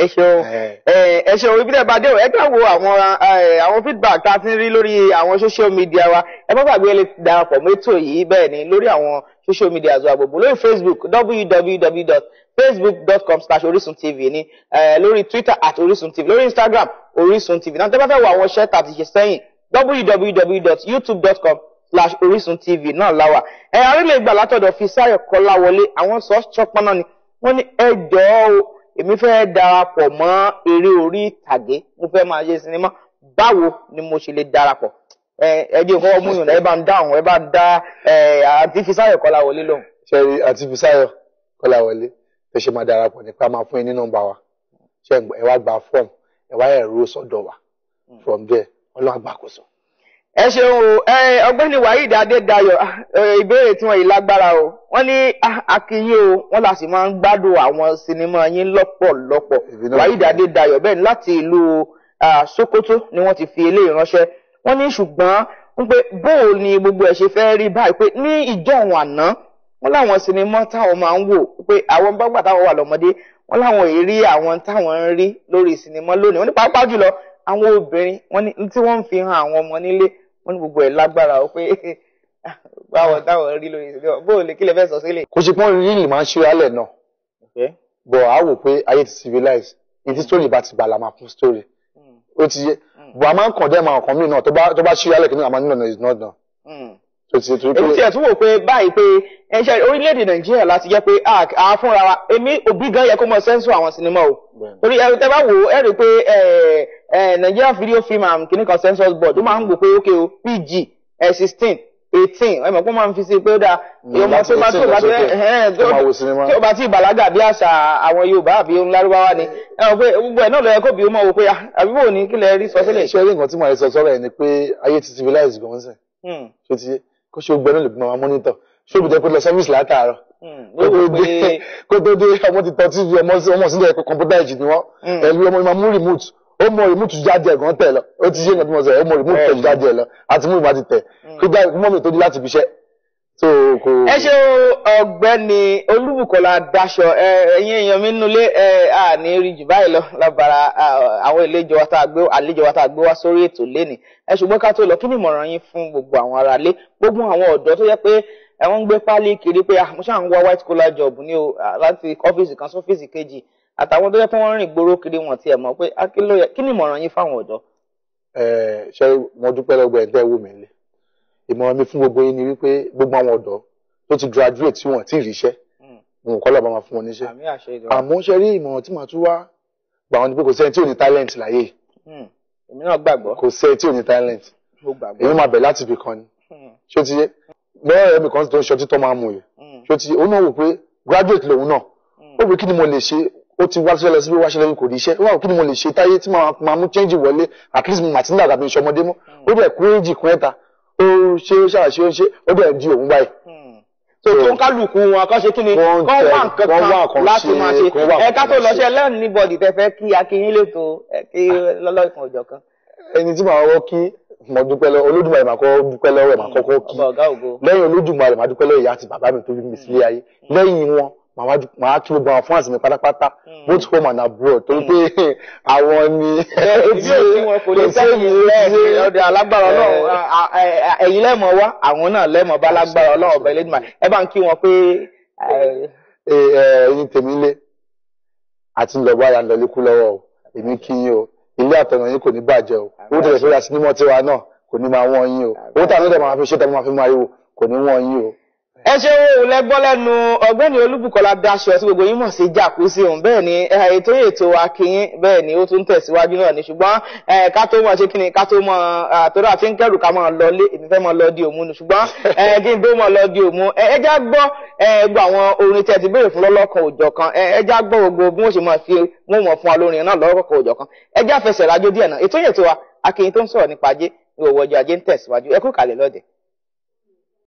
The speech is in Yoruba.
ẹ ṣeun ẹ ṣeun ibi tẹ́ bá dé o ẹ kàn wo àwọn àwọn feedback tá a ti ń rí lórí àwọn social media wa ẹ má gbàgbé lè darapọ̀ mọ́ ètò yìí bẹ́ẹ̀ ni lórí àwọn social media àzọ àgbègbè lórí facebook www.facebook.com slash orisun tv ni lórí twitter at orisun tv lórí instagram orisun tv náà tẹ́ bá fẹ́ wo àwọn iṣẹ́ tàbí ṣe sẹ́yìn www.youtube.com slash orisun tv náà láwà ẹ arílẹ̀ ìgbà látọ̀dọ̀ fi sáyọ̀ kọ́láwọlé àwọn sọ́ọ́ ṣọpọ́n náà ni wọ́n ní ẹjọ́ o èmi fẹ́ darapọ̀ mọ́ eré orí ìtàgé mo fẹ́ máa ṣe sinimá báwo ni mo ṣe lè darapọ̀ ẹdí nǹkan ọmú yòòna ẹ bá ń dáhùn ẹ bá ń dá àti Fisáyọ̀ Kọ́láwọlé lóhùn. sẹ́rí àti Fisáyọ̀ Kọ́láwọlé tó ṣe máa darapọ̀ nípa máa fún yín ní nọ́mbà wa ṣé ẹ wá gba fọ́ọ̀mù ẹ wá ẹ̀rọ sọ́dọ̀ wa hmm. from there ọlọ́run àgbàkóso ẹ ṣeun o ọ̀gbẹ́ni waheed adédayọ̀ ìbéèrè tí wọ́n yìí lágbára o wọ́n ní akínyé o wọ́n là sì máa ń gbádùn àwọn sinimá yín lọ́pọ̀lọpọ̀ waheed adédayọ̀ bẹ́ẹ̀ ni láti ìlú sokoto ni wọ́n ti fi eléyìí ránṣẹ́ wọ́n ní ṣùgbọ́n wọ́n pé bóò ni gbogbo ẹ̀ ṣe fẹ́ rí báyìí pé ní ìjọ òun àná wọ́n láwọn sinimá táwọn máa ń wò pé àwọn bọ́gbà táwọn wà lọ́mọdé wọ́n láwọn èrí àwọn táwọn ń rí lórí sinimá lónìí wọ́n ní pàápàá jùlọ àwọn obìnrin wọ́n ní tí wọ́n ń fi hàn àwọn ọmọ nílé wọ́n ní gbogbo ẹ̀ lágbára o pé báwo táwọn rí lórí ìṣẹ̀lẹ̀ bó o lè kílẹ̀ fẹ́ sọ sílẹ̀. kò sí pọ́n rílì máa ń ṣe alẹ̀ náà bọ̀ á wò pé ayé ti civilize ìdí story bá ti bàlá máa fún story hmm. ó ti yé hmm. bọ̀ a máa ń kàn dé àwọn ọkàn mi náà tó bá ṣe alẹ̀ kí ni àwọn nílò is not done. tó hmm. ti tó pé. èmi tiẹ̀ tún wò pé báyìí pé ẹ̀ṣẹ̀ orílẹ̀-èdè nàìjíríà láti jẹ́ pé a ah, fúnra wa èmi òbí gan yẹ kó mọ sẹ́ńsù àwọn sinimá o torí ẹ̀rù tẹ́ bá wò ó ẹ̀rù pé Eh, Nigeria Video Film and clinical census board ó máa ń gbò pé ok o PG eh, sixteen eighteen ẹ mọ̀ pé ó máa ń fi sí pé ó dáa ọmọ hmm, tó bá tó bá tó eh, tí ó bá tí ìbàlágà bí àṣà àwọn Yorùbá àbí ohun lárúbáwá ni ẹ mọ̀ pé gbogbo ẹ̀ náà lọ́yẹ kó bí ó mọ̀ wò pé ah, àbí bò ní kílẹ̀ rí sọ sílẹ̀. ṣé rí nǹkan tí màá sọ sọ́rọ̀ ẹ̀ ni pé ayé ti civilize gan sẹ̀ hmm. ṣé ti kó ṣe gbẹ náà lè gbọ́n àwọn mọ́nítọ̀ ṣé òbí jẹ́ pé lọ service látàárọ̀ hmm. kó tó dé ọmọ ti tọ́ tí ọmọ sílẹ̀ kọ̀ǹpútà ẹ̀jì ni wọ́n ẹ̀lú ọmọ ìmọ̀ mú remote ó mọ rìmúùtù jáde ẹ̀gàn tẹ̀ lọ ó ti ṣe nǹkan tí mo sọ ó mọ rìmúùtù tẹ̀ jáde ẹ̀ lọ àti mú ìbá ti tẹ̀ kí mm. mọ́mì tó dé láti fi ṣẹ́. ẹ ṣe ọ̀gbẹ́ni Olúbùkọ́lá Daṣọ ẹ̀yin èèyàn mi nulẹ ẹ à ní rí jù báyìí lọ lábara àwọn àlejò wa tá a gbé wá sórí ètò lẹni ẹ ṣùgbọ́n ká tó lọ kí ni ìmọ̀ràn yín fún gbogbo àwọn aráalé gbogbo àwọn ọ̀dọ́ tó yẹ pé ẹ wọ́n ń gbé pálí kiri pé àmúṣà ah, ń wá white collar job ní o láti ọ́fíìsì kan sọ́fíìsì kejì àtàwọn tó yẹ kí wọ́n rìn gbòòrò kiri wọn tiẹ̀ mọ̀ pé ah, kí ni ìmọ̀ràn yín fáwọn ọ̀dọ́. ẹ ṣe mo dúpẹ́ lọ́gbọ̀ ẹ̀ tẹ́ wù mí lé ìmọ̀ràn mi fún gbogbo yín ni wípé gbogbo àwọn ọ̀dọ́ tó ti graduate tí wọ́n ti ríṣẹ́ mo hmm. kọ́ lọ́ba máa fún wọn níṣẹ́ àmọ́ ṣe rí ìmọ̀ràn tí màá tún wá gbà wọn ni pé kò sẹ́ni tí ò ní talent láyé hmm. èmi náà gbàgbọ́ kò sẹ́ni tí ò ní talent ni hmm. ṣé o ti yé mẹ́rẹ̀ẹ́rẹ́ mi kan tó ń ṣọtí tó máa mú yìí graduate lòun náà ó wí kí ó ti wá ṣẹlẹ̀ síbi wá ṣẹlẹ̀ mi kò rí iṣẹ́ wọ́n kí ni mo lè ṣe táyé tí màá mú change wọlé at least mo mà ti ń dàgbà mi ṣọmọdé mọ́ hmm. ó bẹ̀ kú èjì kún ẹ̀ta ó ṣe ó ṣàṣe ó ṣe ó bẹ̀ di òun báyìí. tó hmm. tó ń kálukú wọn kan kí ni kán wà nǹkan kan láti máa ṣe ẹ ká tó lọ ṣe lẹ́nu ní bọ́ọ̀dì tẹ fẹ́ kí akínyín lè tó kí ah. lọ́lọ́kan òjọ̀ kan. ẹni tí màá wọ kí mo dúpẹ́ lọ olódùmarè màá kọ́ dúpẹ́ lọ́wọ́ màá kọ́kọ́ kí lẹ́yìn olódùmarè màá dúpẹ́ lọ́wọ́ ìyá àti bàbá mi tó fi mi sílé ayé hmm. lẹ́yìn wọn màá tún gbogbo àwọn fans mi pátápátá hmm. both home and abroad torí hmm. pé àwọn ni tí kò sẹ́yìn lẹ́yìn ọdẹ alágbára eh. ọlọ́run ẹ̀yin lẹ́mọ̀ wá àwọn náà lẹ́mọ̀ bá alágbára ọlọ́run ọba ẹlẹ́dìmọ̀ ẹ bá ń kí wọn pé. Eh, eh, ẹ̀yin tèmi lé àti ńlọgbọ ara ńlọlẹkú lọ́wọ́ o èmi kí yín o ilé àtọ̀nà yín kò ní bàjẹ́ o owó tẹ̀lé sórí àsinimọ́ tiwa náà kò ní máa wọ́n yín o owó tàbí lọ́dọ̀ máa fi ẹ ṣe owó òun lẹ́gbọ́ lẹ́nu ọ̀gbẹ́ni olúbùkọ́lá daṣọ tí gbogbo yín mọ̀ sí jàkúsí òun bẹ́ẹ̀ ni ètò ètò akínyín bẹ́ẹ̀ ni ó tún tẹ̀síwájú náà ni ṣùgbọ́n ká tó mọ̀ ṣe kí ni ká tó mọ̀ àtọ́rọ àti ń kẹ́rù ká mọ̀ lọ lé èmi fẹ́ mọ̀ lọ di òmu ni ṣùgbọ́n kí n tó mọ̀ lọ di òmu ẹ já gbọ́ gbọ́ àwọn orin tẹ́ ti béèrè fún lọ́lọ́kan òjọ̀ kan ẹ já gbọ́ gbogbo bí wọ́n ṣe mọ̀ fi wọ́n mọ̀ fún wa lórin náà lọ́lọ́kan òjọ̀ kan ẹ já fẹsẹ̀ rájó díẹ̀ náà ètò ètò wa akínyín tó ń sọ̀rọ̀ nípa ajé ìwọ̀wọ̀ ọjọ́ ajé ń tẹ̀síwájú ẹ kú kàlẹ̀ lọ́dẹ̀ẹ́